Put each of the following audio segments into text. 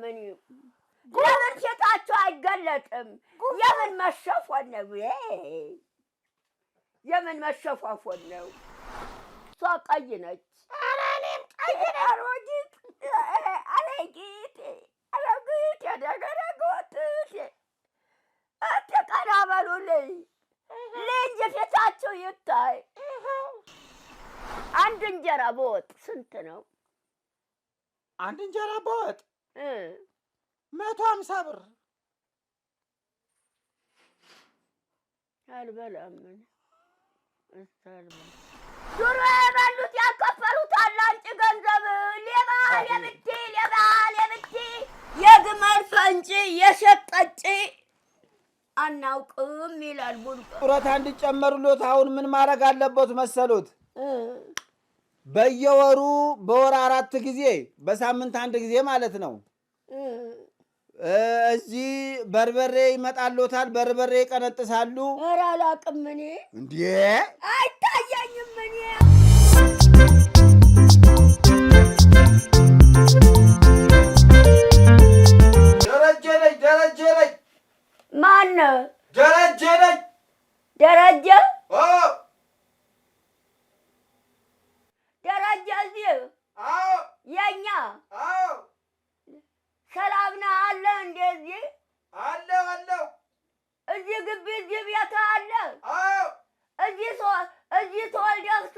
ምን ለምን ሴታቸው አይገለጥም? የምን መሸፎን ነው? የምን መሸፋፎን ነው? እሷ ቀይ ነች። አሮጊት አሮጊት ልጅ ፊታቸው ይታይ። አንድ እንጀራ በወጥ ስንት ነው? አንድ እንጀራ በወጥ መቶ ሀምሳ ብር አልበላም። ዙሮ የበሉት ያከፈሉት አለ። አንቺ ገንዘብ ሌባ የምቲ ሌባ የምቲ የግመል ፈንጪ የሸጠጪ አናውቅም ይላል። ጡረታ እንዲጨመርሎት አሁን ምን ማድረግ አለበት መሰሉት? በየወሩ በወር አራት ጊዜ በሳምንት አንድ ጊዜ ማለት ነው እዚህ በርበሬ ይመጣሎታል፣ በርበሬ ይቀነጥሳሉ። ኧረ አላውቅም እኔ እንዴ አይታየኝም እኔ ደረጀ ነኝ ደረጀ ነኝ። ማን ደረጀ ነኝ ደረጀ ደረጀ እዚህ የእኛ ሰላም ነህ አለ። እንደዚህ አለ አለ። እዚህ ግቢ እዚህ ቤት አለ። አዎ እዚህ እዚህ ተወልደህ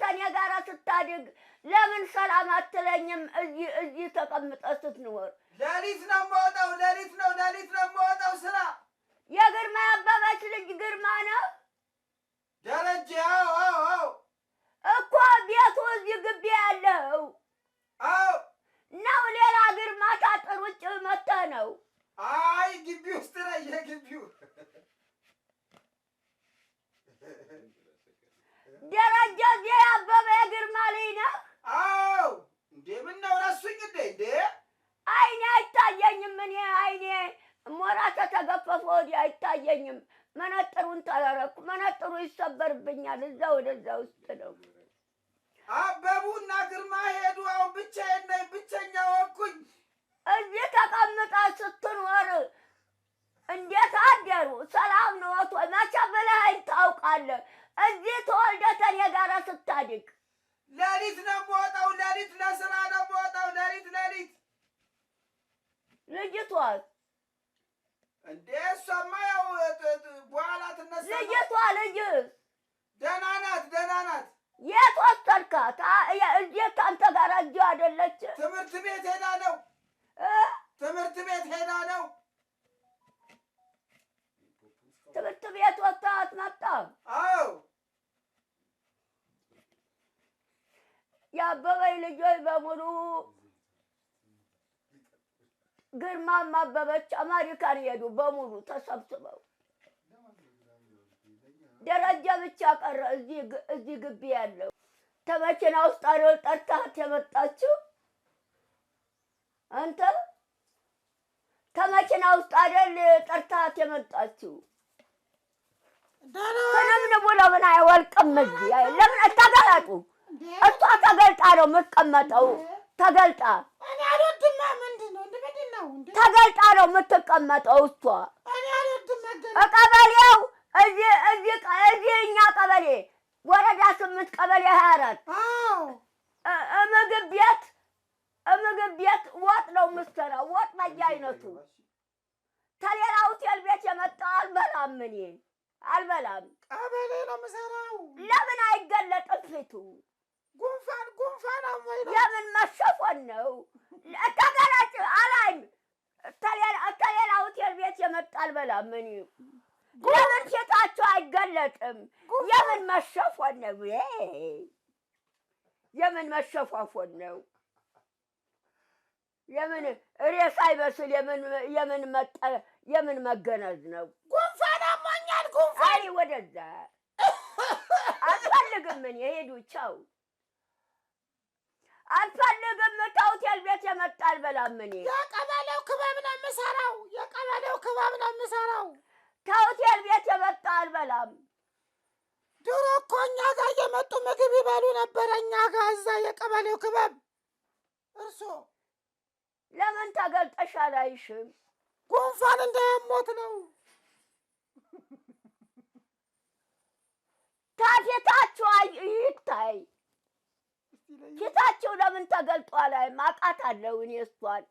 ከኔ ጋራ ስታድግ ለምን ሰላም አትለኝም? እዚህ እዚህ ተቀምጠህ ስትኖር ሌሊት ነው የምወጣው፣ ሌሊት ነው ሌሊት ነው የምወጣው ስራ። የግርማ አባባች ልጅ ግርማ ነው ደረጀ። አዎ አዎ አዎ እኮ ቤቱ እዚህ ግቢ ያለው አዎ ነው ሌላ ሀገር ማሳጠር ውጭ መተህ ነው? አይ ግቢ ውስጥ ነው የግቢው ደረጃ እዚህ አበበ የግርማ ልጅ ነው። አዎ። እንዴ ምን ነው ረሱኝ እንዴ? እንዴ አይኔ አይታየኝም። እኔ አይኔ ሞራ ከተገፈፈ ወዲህ አይታየኝም። መነጥሩን ተረረኩ። መነጥሩ ይሰበርብኛል። እዛ ወደዛ ውስጥ ነው አበቡና ግርማ ሄዱ። አሁን ብቻዬን ነኝ፣ ብቸኛ ወኩኝ። እዚህ ተቀምጣ ስትኖር እንዴት አደሩ? ሰላም ነው ወቶ መቼ ብለኸኝ ታውቃለህ? እዚህ ተወልደህ ከእኔ ጋር ስታድግ ለሊት ነው የምወጣው፣ ሌሊት ለስራ ነው የምወጣው። ሌሊት ሌሊት ልጅቷል እንዴ? እሷማ ያው በኋላ ትነሳ። ልጅቷ ልጅ ደህና ናት፣ ደህና ናት። የት ወሰድካት? የት አንተ ጋር እጅ አይደለች? ትምህርት ቤት ሄዳ ነው። ትምህርት ቤት ሄዳ ነው። ትምህርት ቤት አዎ ልጆች በሙሉ ግርማም አበበች አማሪካን ሄዱ። በሙሉ ተሰብስበው ደረጃ ብቻ ቀረ። እዚህ ግቢ ያለው ተመኪና ውስጥ አለው ጠርታት የመጣችው አንተ ተመኪና ውስጥ አይደል ጠርታት የመጣችው? ከነምን ቦላ ምን አይወልቅም። እዚህ ለምን ተገለጡ? እሷ ተገልጣ ነው የምትቀመጠው። ተገልጣ ተገልጣ ነው የምትቀመጠው እሷ እቀበሌው እዚህ እዚህ እዚህ እኛ ቀበሌ ወረዳ ስምንት ቀበሌ ሀያ ምግብ ቤት ምግብ ቤት ወጥ ነው የምትሰራው። ወጥ በየአይነቱ ከሌላ ሆቴል ቤት የመጣው አልበላም፣ እኔ አልበላም። ቀበሌ ነው የምሰራው። ለምን አይገለጥም ፊቱ? ጉንፋን ጉንፋን አሞኝ ነው። ለምን መሸፎን ነው? ተገላጭ አላኝ። ከሌላ ሆቴል ቤት የመጣ አልበላም እኔ ለምን ሴጣቸው አይገለጥም? የምን መሸፎን ነው? የምን መሸፋፎን ነው? የምን ሬሳ ይበስል? የምን መጠ የምን መገነዝ ነው? ጉንፋን አሞኛል። ጉንፋን ወደዛ አልፈልግም። ምን የሄዱ ቻው አልፈልግም። ታውቴል ቤት የመጣል በላምን የቀበሌው ክበብ ነው የምሰራው። የቀበሌው ክበብ ነው የምሰራው። ከሆቴል ቤት የመጣ አልበላም። ድሮ እኮ እኛ ጋር እየመጡ ምግብ ይበሉ ነበረ። እኛ እዛ የቀበሌው ክበብ እርሶ ለምን ተገልጠሽ አላይሽም? ጉንፋን እንዳያሞት ነው። ታፊታችሁ ይታይ። ፊታችሁ ለምን ተገልጦ አላይም? አቃታለሁ እኔ እሷን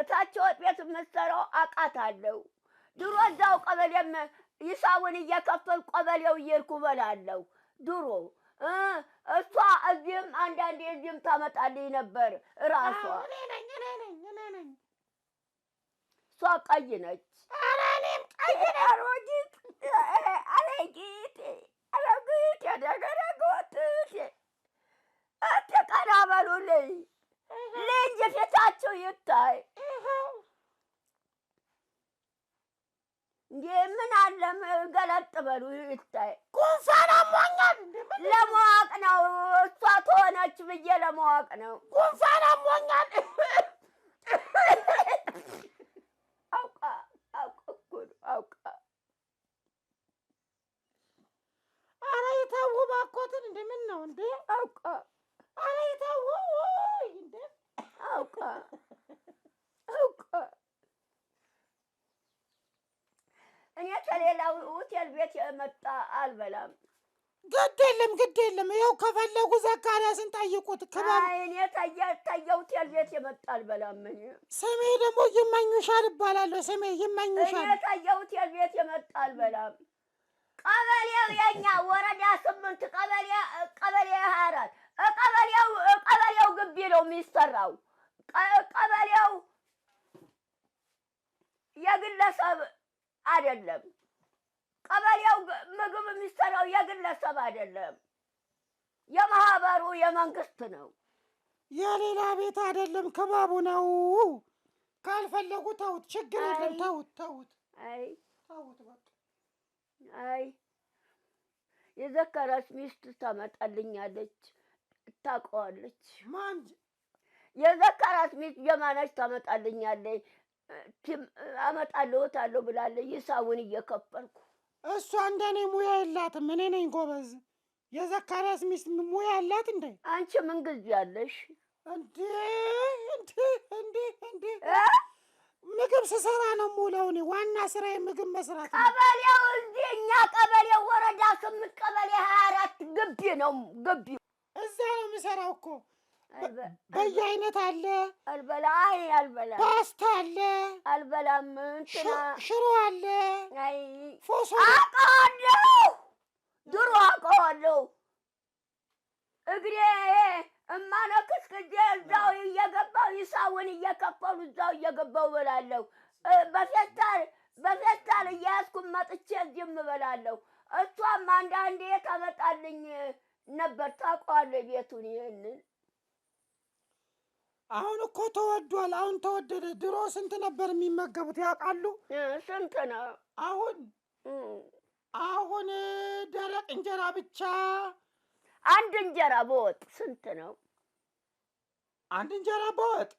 እታቸው ቤት የምትሰራው አለው። ድሮ እዛው ቀበሌም ይሳውን እየከፈል ቀበሌው እየሄድኩ በላለው ድሮ እሷ እዚህም አንዳንዴ እዚህም ታመጣልኝ ነበር። እራሷ እሷ ቀይ ነች። ተቀራበሉልኝ ልጅ ፊታችሁ ይታይ እንዴ ምን አለ ገለጥ በሉ ይታይ። ጉንፋን አሞኛል ለማወቅ ነው። እሷ ትሆነች ብዬ ለማወቅ ነው። ጉንፋን አሞኛል አውቃ አውቃ እኮ ነው አውቃ። ኧረ እባክዎትን፣ እንደምን ነው እንዴ አውቃ። ኧረ የመጣ አልበላም። ግድ የለም ግድ የለም። ይኸው ከፈለጉ ዘካርያስን ጠይቁት። ክበእኔ ታየሁት ያልቤት የመጣ አልበላም። እኔ ስሜ ደግሞ ይመኙሻል እባላለሁ። ስሜ ይመኙሻል። እኔ ታየሁት ያልቤት የመጣ አልበላም። ቀበሌው የኛ ወረዳ ስምንት ቀበሌ ቀበሌ ሀያ አራት ቀበሌው ቀበሌው ግቢ ነው የሚሰራው ቀበሌው የግለሰብ አይደለም። ቀበሌው ምግብ የሚሰራው የግለሰብ አይደለም፣ የማህበሩ የመንግስት ነው። የሌላ ቤት አይደለም፣ ከባቡ ነው። ካልፈለጉ ተውት፣ ችግር የለም። ተውት፣ ተውት፣ አይ ተውት፣ በቃ አይ የዘከራች ሚስት ታመጣልኛለች፣ ታውቀዋለች። ማን የዘከራች ሚስት ጀማናች ታመጣልኛለች፣ አመጣልዎታለሁ ብላለች። ይሳውን እየከፈልኩ እሷ እንደኔ ሙያ የላትም። እኔ ነኝ ጎበዝ። የዘካርያስ ሚስት ሙያ አላት እንደ አንቺ ምን ጊዜ ያለሽ ምግብ ስሰራ ነው የምውለው። እኔ ዋና ስራ ምግብ መስራት። ቀበሌው እንዴ እኛ ቀበሌው ወረዳ ስምንት ቀበሌ ሀያ አራት ግቢ ነው ግቢ፣ እዛ ነው የምሰራው እኮ በየአይነት አለ። አልበላ አይ አልበላ ፓስታ አለ። አልበላም እንትና ሽሮ አለ። አይ ፎሶ አውቀዋለሁ፣ ድሮ አውቀዋለሁ። እግሬ እማነክስ ጊዜ እዛው እየገባው ይሳውን እየከፈሉ እዛው እየገባው እበላለሁ። በፌስታል በፌስታል እያያዝኩ መጥቼ እዚህም እበላለሁ። እሷም አንዳንዴ ታመጣልኝ ነበር። ታውቀዋለህ ቤቱን ይህንን አሁን እኮ ተወዷል። አሁን ተወደደ። ድሮ ስንት ነበር የሚመገቡት ያውቃሉ? ስንት ነው አሁን? አሁን ደረቅ እንጀራ ብቻ አንድ እንጀራ በወጥ ስንት ነው? አንድ እንጀራ በወጥ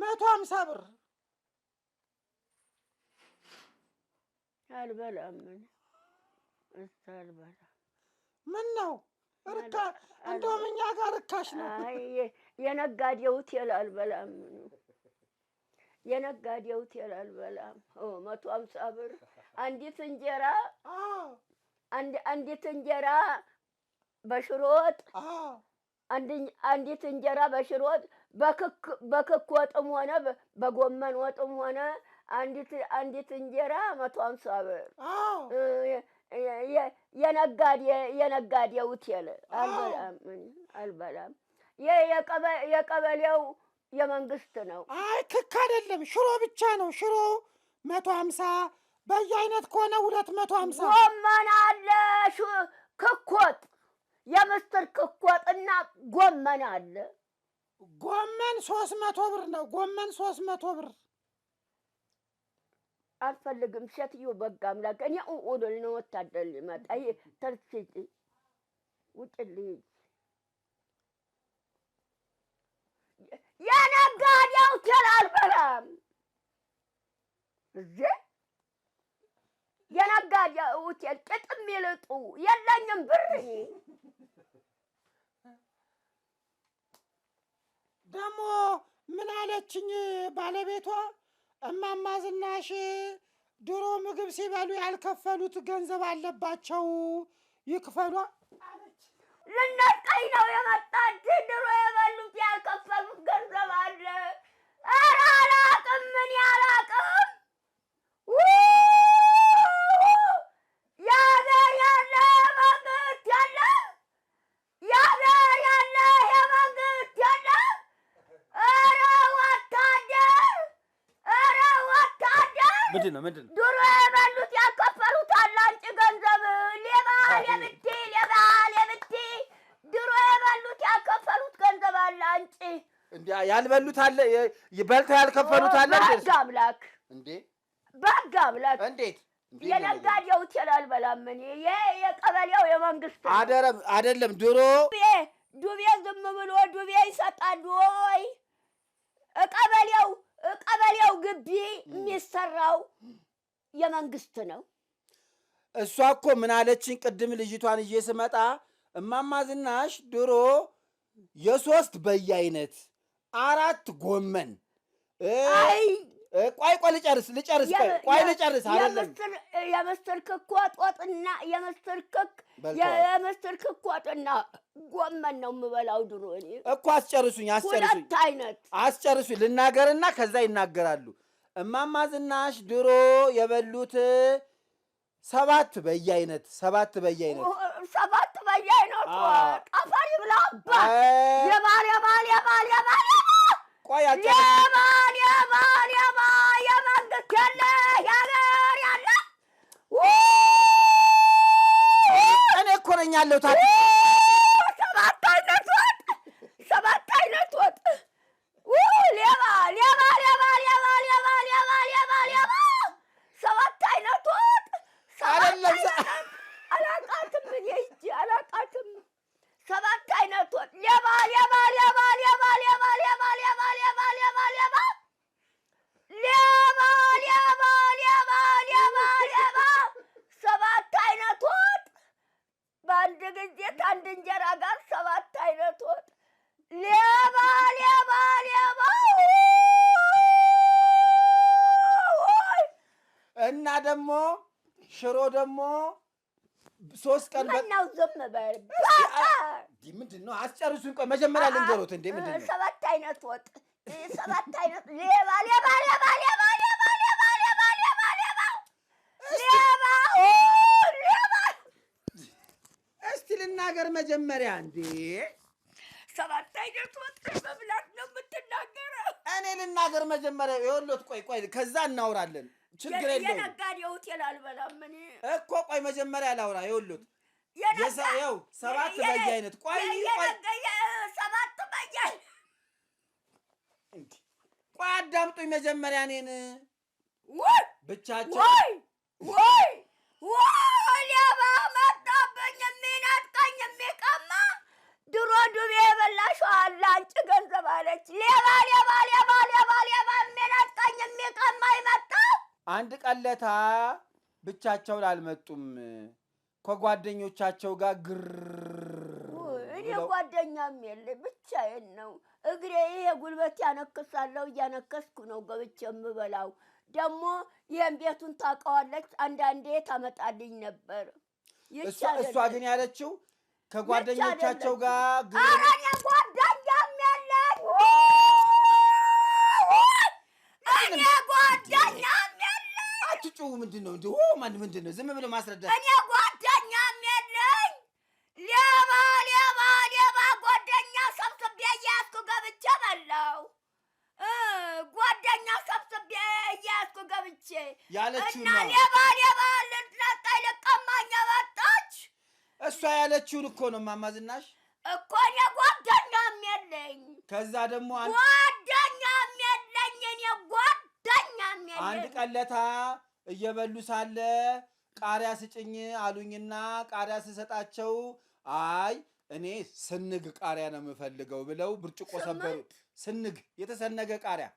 መቶ ሀምሳ ብር። አልበላም ምን ነው እንደውም እኛ ጋር ርካሽ ነው። የነጋዴው ሆቴል አልበላም የነጋዴ ሆቴል አልበላም። መቶ አምሳ ብር አንዲት እንጀራ አንድ አንዲት እንጀራ በሽሮ ወጥ አንዲት እንጀራ በሽሮ ወጥ በክክ ወጥም ሆነ በጎመን ወጥም ሆነ አንዲት እንጀራ መቶ አምሳ ብር የነጋዴ የነጋዴ ሆቴል አልበላም አልበላም። የቀበሌው የመንግስት ነው። አይ ክክ አይደለም። ሽሮ ብቻ ነው። ሽሮ መቶ ሀምሳ በየአይነት ከሆነ ሁለት መቶ ሀምሳ ጎመን አለ። ክኮጥ የምስር ክኮጥ እና ጎመን አለ። ጎመን ሶስት መቶ ብር ነው። ጎመን ሶስት መቶ ብር አልፈልግም። ሴትዮ በጋ አምላክ እኔ ኡኡልል ነው ወታደር ሊመጣ ይሄ ተርሲጭ ውጭ የነጋዴው ችላል በለም የነጋዴው የሚልጡ የለኝም ብር ደግሞ ምን አለችኝ ባለቤቷ እማማ ዝናሽ ድሮ ምግብ ሲበሉ ያልከፈሉት ገንዘብ አለባቸው ይክፈሏ ልናስቀኝ ነው የመጣት ድሮ የበሉት ያልከፈሉት ገንዘብ አለ። ኧረ አላቅም ምን ያላቅም ያገር ያለ መንግስት ያለ ያገር ምንድን ነው ምንድን ነው ድሮ የበሉት ያልከፈሉት አላንጭ ገንዘብ ሌባ ያልበሉት ያከፈሉት ገንዘብ አለ። አንቺ እንዴ ያልበሉት አለ፣ በልተው ያልከፈሉት አለ። በሕግ አምላክ እንዴ በሕግ አምላክ እንዴት የነጋዴው ሆቴል አልበላም እኔ። ይሄ የቀበሌው የመንግስት አደረም አይደለም። ድሮ ዱቤ ዝም ብሎ ዱቤ ይሰጣሉ ወይ? ቀበሌው ቀበሌው ግቢ የሚሰራው የመንግስት ነው። እሷ እኮ ምን አለችኝ ቅድም ልጅቷን እዬ ስመጣ እማማ ዝናሽ ድሮ የሶስት በየአይነት አራት ጎመን ቆይ ቆይ ልጨርስ ልጨርስ ቆይ ልጨርስ። አይደለም የምስትርክክ ወጥና የምስትርክክ የምስትርክክ ወጥና ጎመን ነው የምበላው ድሮ እኔ እኮ። አስጨርሱኝ አስጨርሱኝ፣ ሁለት አይነት አስጨርሱኝ። ልናገርና ከዛ ይናገራሉ። እማማ ዝናሽ ድሮ የበሉት ሰባት በየአይነት ሰባት በየአይነት ሰባት በየ አለው ታዲያ እና ደግሞ ሽሮ ደግሞ ሶስት ቀን ምነው ዝም በል ምንድን ነው አስጨርሱኝ ቆይ መጀመሪያ ልንገሮት እንዴ ምንድን ነው ሰባት አይነት ወጥ ሰባት አይነት ሌባ ሌባ ሌባ ሌባ ሌባ ሌባ ሌባ ሌባ ሌባ ሌባ ሌባ እስቲ ልናገር መጀመሪያ እንዴ ሰባት አይነት ወጥ በብላት ነው የምትናገረው እኔ ልናገር መጀመሪያ የወሎት ቆይ ቆይ ከዛ እናውራለን ችግር የለውም። የነጋዴ ሆቴል አልበላም እኔ እኮ። ቆይ መጀመሪያ ላውራ። ይኸውልህ የሰው ሰባት በየአይነት ቆይ ሰባት በየአይነት ቆይ አዳምጡኝ መጀመሪያ እኔን ብቻቸው ወይ ወይ ሌባ መጣብኝ የሚነጥቀኝ የሚቀማ ድሮ ዱቤ የበላሸው አለ አንቺ ገንዘብ አለች ሌባ አንድ ቀለታ ለታ ብቻቸውን አልመጡም ከጓደኞቻቸው ጋር ግር እኔ ጓደኛም የለ ብቻዬን ነው። እግሬ ይሄ ጉልበት ያነክሳለሁ እያነከስኩ ነው ገብቼ የምበላው። ደግሞ ይህን ቤቱን ታውቀዋለች፣ አንዳንዴ ታመጣልኝ ነበር። እሷ ግን ያለችው ከጓደኞቻቸው ጋር ስትጮሁ ምንድን ነው እንዲሁ ማን ምንድን ነው? ዝም ብሎ ማስረዳት። እኔ ጓደኛም የለኝ። ሌባ ሌባ ሌባ ጓደኛ ሰብስቤ እያያዝኩ ገብቼ በለው ጓደኛ ሰብስቤ እያያዝኩ ገብቼ ያለችው እና ሌባ ሌባ ልትነቀኝ ልቀማኝ ወጣች። እሷ ያለችውን እኮ ነው እማማ ዝናሽ እኮ እኔ ጓደኛም የለኝ። ከዛ ደግሞ ጓደኛም የለኝ እኔ ጓደኛም የለኝ። አንድ ቀለታ እየበሉ ሳለ ቃሪያ ስጭኝ አሉኝና ቃሪያ ስሰጣቸው አይ እኔ ስንግ ቃሪያ ነው የምፈልገው ብለው ብርጭቆ ሰበሩ። ስንግ የተሰነገ ቃሪያ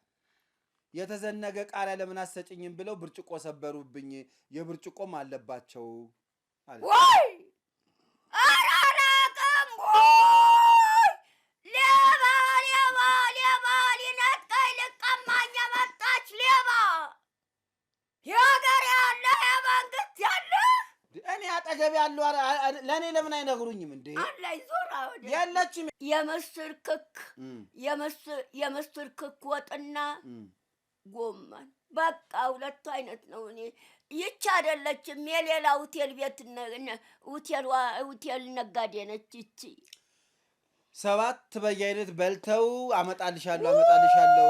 የተዘነገ ቃሪያ ለምን አሰጭኝም ብለው ብርጭቆ ሰበሩብኝ። የብርጭቆም አለባቸው አለ። አጠገብ ያሉ ለእኔ ለምን አይነግሩኝም እንዴ? አላይ ዞራ ያለችም የምስር ክክ የምስር ክክ ወጥና ጎመን በቃ ሁለቱ አይነት ነው። እኔ ይች አይደለችም የሌላ ሆቴል ቤት ሆቴል ነጋዴ ነች ይቺ። ሰባት በየአይነት በልተው አመጣልሻለሁ አመጣልሻለሁ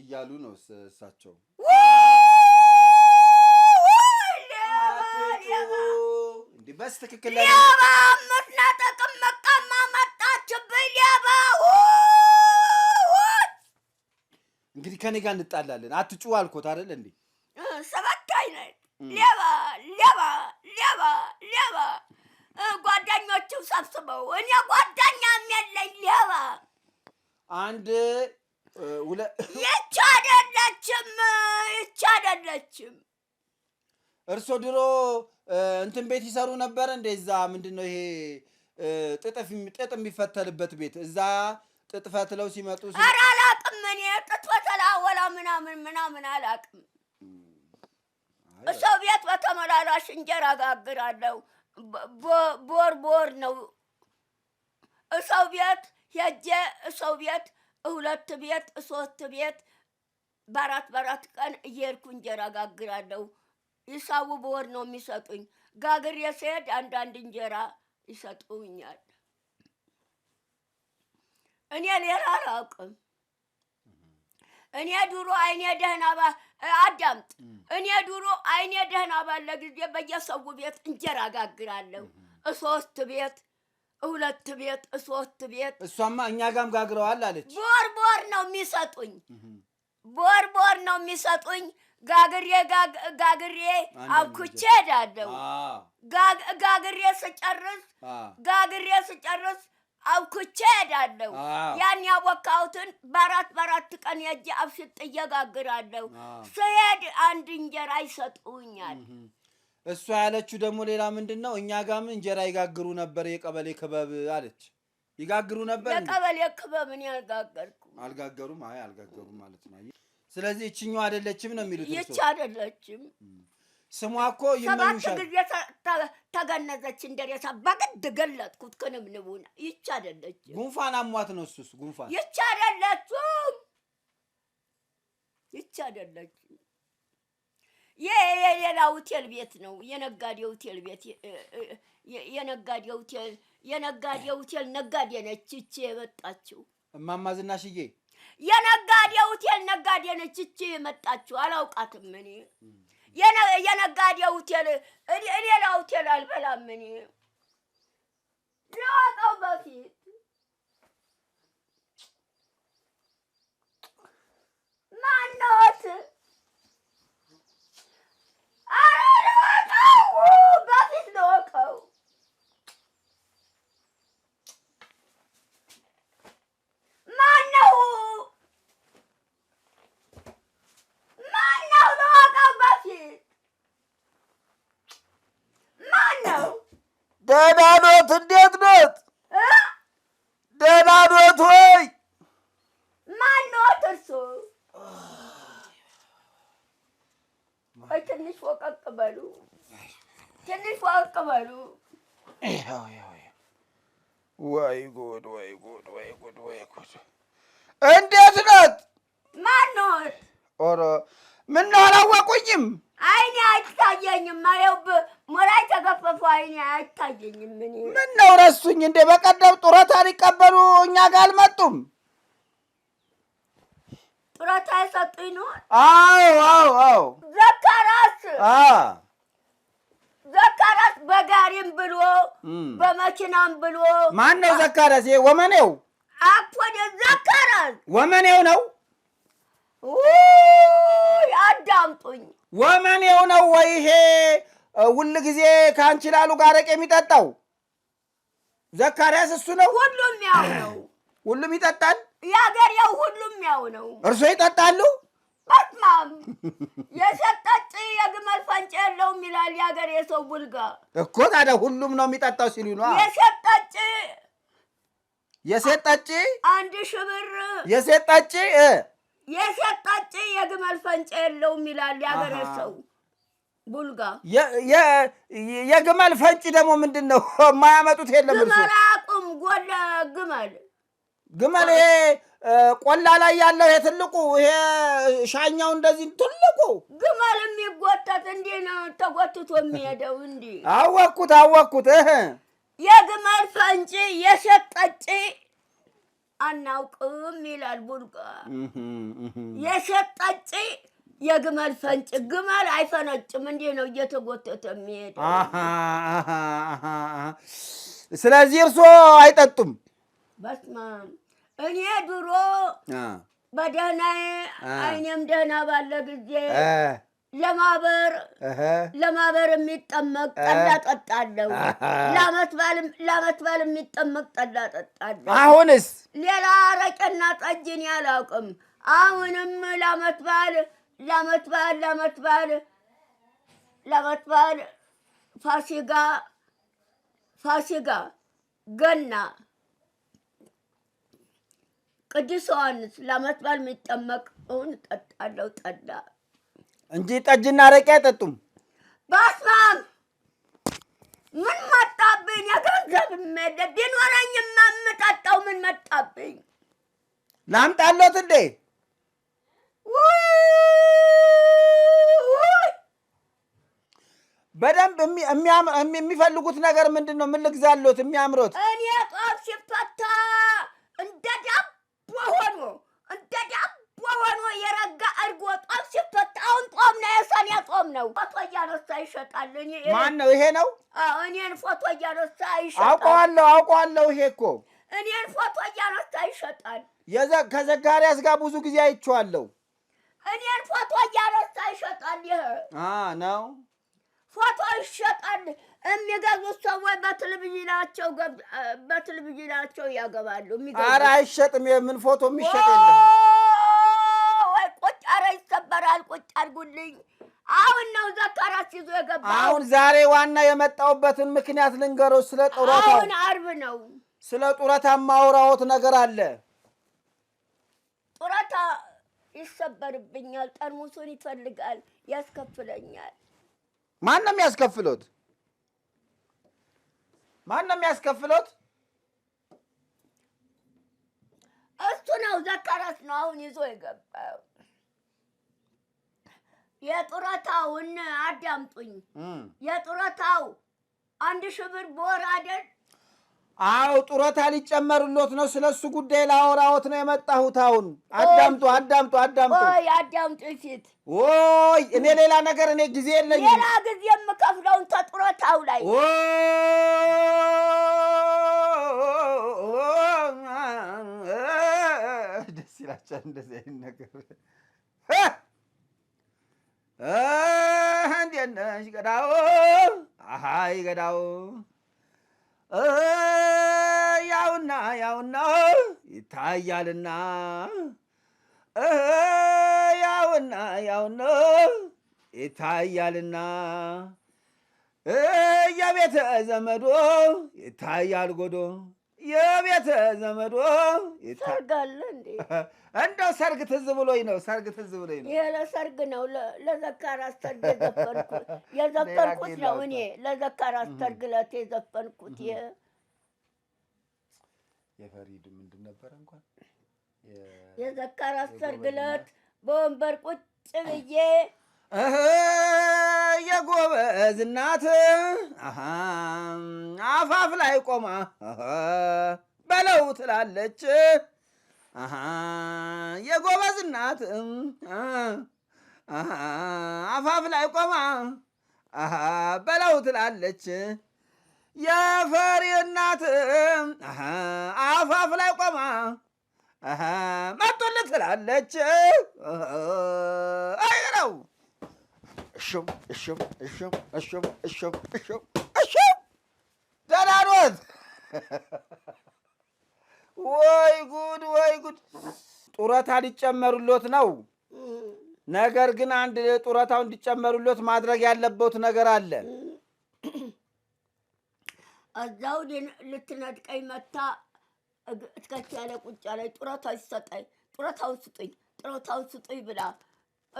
እያሉ ነው እሳቸው እንዴ? በስ ትክክል ላይ ሌባ ምትነጥቅም ምቀማ መጣችብኝ። ሌባ እንግዲህ ከኔ ጋር እንጣላለን። አትጩ አልኮት አይደል እንዴ? ሰበታይ ነኝ። ሌባ ሌባ ሌባ ሌባ ጓደኞቹ ሰብስበው እኔ ጓደኛም የለኝ። ሌባ አንድ ይች አይደለችም፣ ይች አይደለችም። እርሶ ድሮ እንትን ቤት ይሰሩ ነበር እንደ እዛ ምንድን ይሄ ጥጥፍ ጥጥ የሚፈተልበት ቤት እዛ ጥጥ ፈትለው ሲመጡ ኧረ አላቅም እኔ ጥጥ ፈተላ ወላ ምናምን ምናምን አላቅም። እሰው ቤት በተመላላሽ እንጀራ ጋግራለሁ። ቦር ቦር ነው እሰው ቤት ሄጄ እሰው ቤት ሁለት ቤት ሶስት ቤት በአራት በአራት ቀን እየሄድኩ እንጀራ ጋግራለሁ። ይሳቡ በወር ነው የሚሰጡኝ። ጋግሬ ስሄድ አንዳንድ እንጀራ ይሰጡኛል። እኔ ሌላ አላውቅም። እኔ ድሮ አይኔ ደህና አዳምጥ። እኔ ድሮ አይኔ ደህና ባለ ጊዜ በየሰው ቤት እንጀራ ጋግራለሁ። ሶስት ቤት ሁለት ቤት ሶስት ቤት። እሷማ እኛ ጋም ጋግረዋል አለች። ቦር ቦር ነው የሚሰጡኝ፣ ቦር ቦር ነው የሚሰጡኝ። ጋግሬ ጋግሬ አብኩቼ ሄዳለሁ። ጋግሬ ስጨርስ ጋግሬ ስጨርስ አብኩቼ ሄዳለሁ። ያን ያቦካሁትን በአራት በአራት ቀን የእጅ አብሽጥ እየጋግራለሁ። ስሄድ አንድ እንጀራ ይሰጡኛል። እሷ ያለችው ደግሞ ሌላ ምንድን ነው? እኛ ጋም እንጀራ ይጋግሩ ነበር የቀበሌ ክበብ አለች። ይጋግሩ ነበር የቀበሌ ክበብ። እኔ አልጋገርኩም። አልጋገሩም። አይ አልጋገሩም ማለት ነው። ስለዚህ ይችኛው አይደለችም ነው የሚሉት። ይች አይደለችም። ስሟ እኮ ይመኙሻል። ሰባት ጊዜ ተገነዘች እንደሬሳ በግድ ገለጥኩት። ክንብንቡን ይች አይደለችም። ጉንፋን አሟት ነው እሱስ ጉንፋን። ይች አይደለችም። ይች አይደለችም። ይህ የሌላ ሆቴል ቤት ነው። የነጋዴ ሆቴል ቤት የነጋዴ ሆቴል የነጋዴ ሆቴል ነጋዴ ነች ይች የመጣችው እማማ ዝናሽዬ የነጋዴ ሆቴል ተችቼ የመጣችሁ አላውቃትም። እኔ የነጋዴ ሆቴል ሌላ ሆቴል አልበላም። እኔ ለወጣው በፊት ማነዎት አረ ለወጣው በፊት ለወቀው ደህና ኖት? እንዴት ኖት? ደህና ኖት ወይ? ማን ኖት? እርሱ ትንሽ ወቀቅ በሉ፣ ትንሽ ወቀቅ በሉ። ወይ ጉድ! ወይ ጉድ! ወይ ጉድ! ወይ ጉድ! እንዴት ኖት? ማን ኖት? ኧረ ምነው አላወቁኝም? አይኔ አይታየኝም። አይውብ ሞራይ ተገፈፈ። አይኔ አይታየኝም። ምን ነው ረሱኝ እንዴ? በቀደም ጡረታ ሊቀበሉ እኛ ጋር አልመጡም። ጡረታ የሰጡኝ ነው። አዎ፣ አዎ። ዘካራስ ዘካራስ በጋሪም ብሎ በመኪናም ብሎ ማን ነው ዘካራስ? ይሄ ወመኔው አኮደ ዘካራስ ወመኔው ነው። አዳምጡኝ ወመን የሆነው ወይ ይሄ ሁል ጊዜ ከአንቺ ላሉ ጋረቅ የሚጠጣው ዘካርያስ እሱ ነው። ሁሉም ያው ነው። ሁሉም ይጠጣል። የሀገር ያው ሁሉም ያው ነው። እርሶ ይጠጣሉ? በጣም የሰጠጭ የግመል ፈንጭ የለውም ይላል የሀገር የሰው ቡልጋ እኮ። ታዲያ ሁሉም ነው የሚጠጣው ሲሉ ነው። የሰጠጭ የሴት ጠጭ አንድ ሺህ ብር የሴት ጠጭ የሴት ጠጭ የግመል ፈንጭ የለውም ይላል ሰው። ቡልጋ የግመል ፈንጭ ደግሞ ምንድን ነው? የማያመጡት የለም። ግመል አቁም ጎለ ግመል ግመል ይሄ ቆላ ላይ ያለው ይሄ ትልቁ ይሄ ሻኛው እንደዚህ ትልቁ ግመል የሚጎተት እንዲህ ነው ተጎትቶ የሚሄደው እንዲህ። አወቅኩት አወቅኩት። የግመል ፈንጭ የሴት አናውቅም ይላል ቡልቃ የሸጠጭ የግመል ፈንጭ ግመል አይፈነጭም። እንዲህ ነው እየተጎተተ የሚሄድ። ስለዚህ እርሶ አይጠጡም? በስመ አብ እኔ ድሮ በደህና አይኔም ደህና ባለ ጊዜ ለማህበር ለማበር የሚጠመቅ ጠላ ጠጣለሁ። ለአመት በዓል የሚጠመቅ ጠላ ጠጣለሁ። አሁንስ ሌላ አረቄና ጠጅን ያላውቅም። አሁንም ለአመት በዓል ለአመት በዓል ለአመት በዓል ለአመት በዓል ፋሲጋ ፋሲጋ ገና ቅዱስ ዮሐንስ ለአመት በዓል የሚጠመቅ እሁን ጠጣለሁ ጠላ እንጂ ጠጅና አረቄ አይጠጡም። በስማም ምን መጣብኝ? የገንዘብ መደ ቢኖረኝ የማምጠጣው ምን መጣብኝ? ላምጣሎት እንዴ? በደንብ የሚፈልጉት ነገር ምንድን ነው? ምን ልግዛሎት? የሚያምሮት እኔ ጦር ሲፈታ እንደ ዳቦ ሆኖ እንደ ዳቦ ሆኖ የረጋ እርጎ ጦር ሲፈታ አሁን ጦም ነው የሰኔ ጦም ነው። ፎቶ እያነሳ ይሸጣል። ማን ነው ይሄ? ነው እኔን ፎቶ እያነሳ ይሸጣል። አውቀዋለሁ አውቀዋለሁ። ይሄ እኮ እኔን ፎቶ እያነሳ ይሸጣል። ከዘካርያስ ጋር ብዙ ጊዜ አይቼዋለሁ። እኔን ፎቶ እያነሳ ይሸጣል። ይሄ ነው ፎቶ ይሸጣል። የሚገዙት ሰዎች በቴሌቪዥናቸው በቴሌቪዥናቸው ያገባሉ። ኧረ አይሸጥም። የምን ፎቶ የሚሸጥ የለም። ይከበራል። ቁጭ አድርጉልኝ። አሁን ነው ዘካራስ ይዞ የገባ። አሁን ዛሬ ዋና የመጣውበትን ምክንያት ልንገረው። ስለ ጡረታ አሁን አርብ ነው። ስለ ጡረታ ማውራዎት ነገር አለ። ጡረታ ይሰበርብኛል። ጠርሙሱን ይፈልጋል፣ ያስከፍለኛል። ማን ነው የሚያስከፍሎት? ማን ነው የሚያስከፍሎት? እሱ ነው ዘካራስ ነው አሁን ይዞ የገባው። የጡረታው አዳምጡኝ። የጡረታው አንድ ሺህ ብር በወር አይደል? አዎ ጡረታ ሊጨመርሎት ነው። ስለሱ ጉዳይ ላወራዎት ነው የመጣሁት። አሁን አዳምጡ፣ አዳምጡ፣ አዳምጡ። ኦይ አዳምጡኝ። ፊት ኦይ እኔ ሌላ ነገር እኔ ጊዜ የለኝም። ሌላ ጊዜ የምከፍለውን ተጡረታው ላይ ደስ ይላቸዋል እንደዚህ አይነት ነገር እንዴት ነሽ ገዳው? አሃይ ገዳው ያውና ያውና ይታያልና ያውና ያውና ይታያልና የቤተ ዘመዶ ይታያል ጎዶ የቤተ ዘመዶ ይታጋለ እንዴ እንደው ሰርግ ትዝ ብሎኝ ነው። ሰርግ ትዝ ብሎኝ ነው። ይሄ ለሰርግ ነው። ለዘካራስ ሰርግ የዘፈንኩት የዘፈንኩት ነው። እኔ ለዘካራስ ሰርግ ዕለት የዘፈንኩት ይሄ የፈሪድ ምንድን ነበረ እንኳን የዘካራስ ሰርግ ዕለት በወንበር ቁጭ ብዬ የጎበዝ እናት አፋፍ ላይ ቆማ በለው ትላለች የጎበዝ እናት አፋፍ ላይ ቆማ በለው ትላለች። የፈሪ እናት አፋፍ ላይ ቆማ መጡልህ ትላለች። አይ ነው እሹም እሹም እሹም እሹም እሹም እሹም እሹም ተናዶት ወይ ጉድ ወይ ጉድ! ጡረታ ሊጨመሩሎት ነው። ነገር ግን አንድ ጡረታው እንዲጨመሩሎት ማድረግ ያለበት ነገር አለ። እዛው ልትነጥቀኝ መታ እትከች ያለ ቁጭ ያለ ጡረታ ይሰጠኝ፣ ጡረታው ስጡኝ፣ ጡረታው ስጡኝ ብላ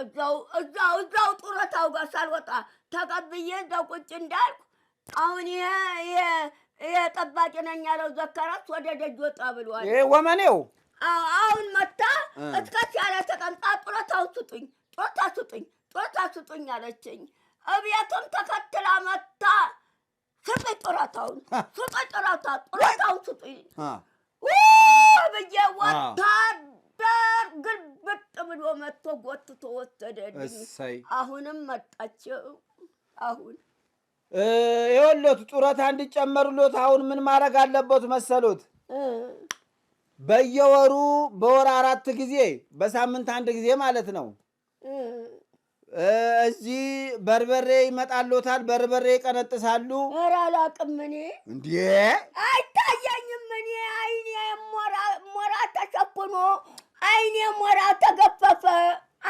እዛው እዛው እዛው ጡረታው ጋር ሳልወጣ ተቀብዬ እዛው ቁጭ እንዳልኩ አሁን ይሄ ጠባቂ ነኝ ያለው ወደ ደጅ ወጣ ብሏል። ይሄ ወመኔው አሁን መታ እስከት ያለ ተቀምጣ ጡረታ ጡረታ ጡረታ አለችኝ እቤትም ተከትላ መታ ጡረታውን፣ ጡረታ፣ ጡረታውን ስጡኝ ብዬ ወታደር ግልብጥ ብሎ መጥቶ ጎትቶ ወሰደልኝ። አሁንም መጣችው አሁን ይኸውልዎት ጡረታ እንዲጨመርሎት አሁን ምን ማድረግ አለበት መሰሎት? በየወሩ በወር አራት ጊዜ በሳምንት አንድ ጊዜ ማለት ነው። እዚህ በርበሬ ይመጣሎታል። በርበሬ ይቀነጥሳሉ። ኧረ አላውቅም እኔ እንዴ አይታየኝም። እኔ አይኔ ሞራ ተሸፍኖ አይኔ ሞራ ተገፈፈ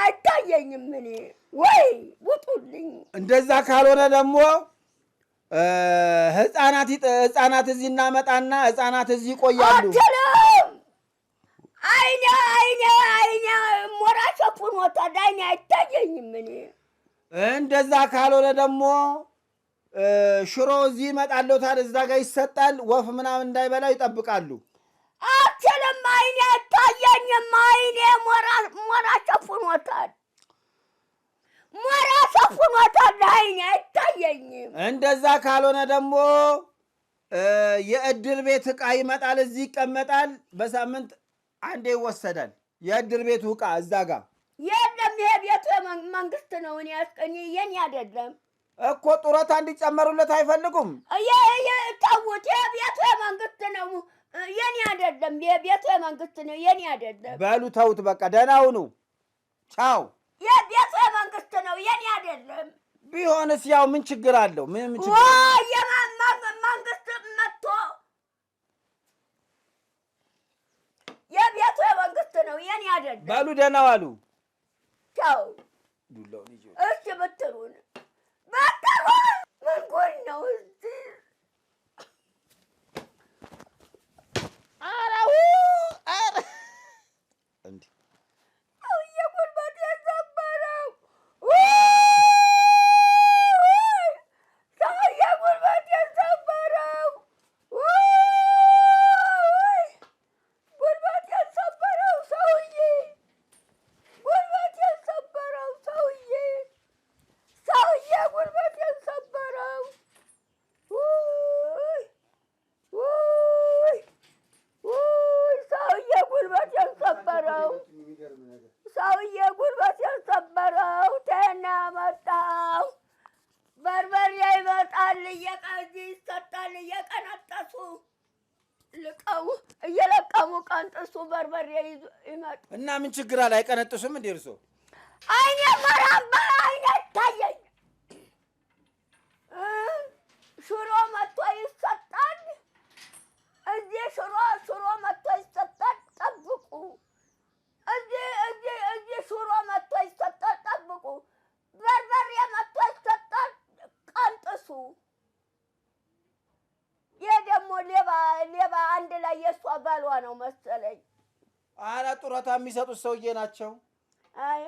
አይታየኝም። እኔ ወይ ውጡልኝ። እንደዛ ካልሆነ ደግሞ ህፃናት እዚህ እናመጣና ህፃናት እዚህ ይቆያሉ። አትልም አይኔ አይኔ አይኔ ሞራ ሸፉን ወጣዳ አይኔ አይታየኝም። እኔ እንደዛ ካልሆነ ደግሞ ሽሮ እዚህ ይመጣለታል፣ እዛ ጋር ይሰጣል። ወፍ ምናምን እንዳይበላው ይጠብቃሉ። አትልም አይኔ አይታየኝም። አይኔ ሞራ ሸፉን ወጣድ ሞራ ሰፍኖታል፣ አይኔ አይታየኝም። እንደዛ ካልሆነ ደግሞ የእድር ቤት እቃ ይመጣል፣ እዚህ ይቀመጣል። በሳምንት አንዴ ይወሰዳል። የእድር ቤቱ ዕቃ እዛ ጋ የለም። ይሄ ቤቱ መንግስት ነው፣ እኔ ያስቀኝ የኔ አይደለም እኮ ጡረታ እንዲጨመሩለት አይፈልጉም። ታውት ይሄ ቤቱ የመንግስት ነው፣ የኔ አይደለም። ይሄ ቤቱ የመንግስት ነው፣ የኔ አይደለም። በሉ ተውት፣ በቃ ደህና ሁኑ። ቻው የቤቱ መንግስት ነው የኔ አይደለም። ቢሆንስ ያው ምን ችግር አለው? ምን ችግር መንግስት መጥቶ የቤቱ የመንግስት ነው የኔ አይደለም። በሉ ደህና ዋሉ። ቻው። እሺ ብትሉን ምን ነው? በርበሬ ይዞ ይመጡ እና ምን ችግር አለ? አይቀነጥሱም እንዴ እርሶ? አይኔ መራመር አይኔ ታየኝ። ሽሮ መጥቶ ይሰጣል። እዚህ ሽሮ ሽሮ መጥቶ ይሰጣል። ጠብቁ። እዚህ እዚህ እዚህ ሽሮ መጥቶ ይሰጣል። ጠብቁ። በርበሬ መጥቶ ይሰጣል። ቀንጥሱ። ይሄ ደግሞ ሌባ ሌባ አንድ ላይ የእሷ ባሏ ነው መሰለኝ አረ ጡረታ የሚሰጡት ሰውዬ ናቸው። አይ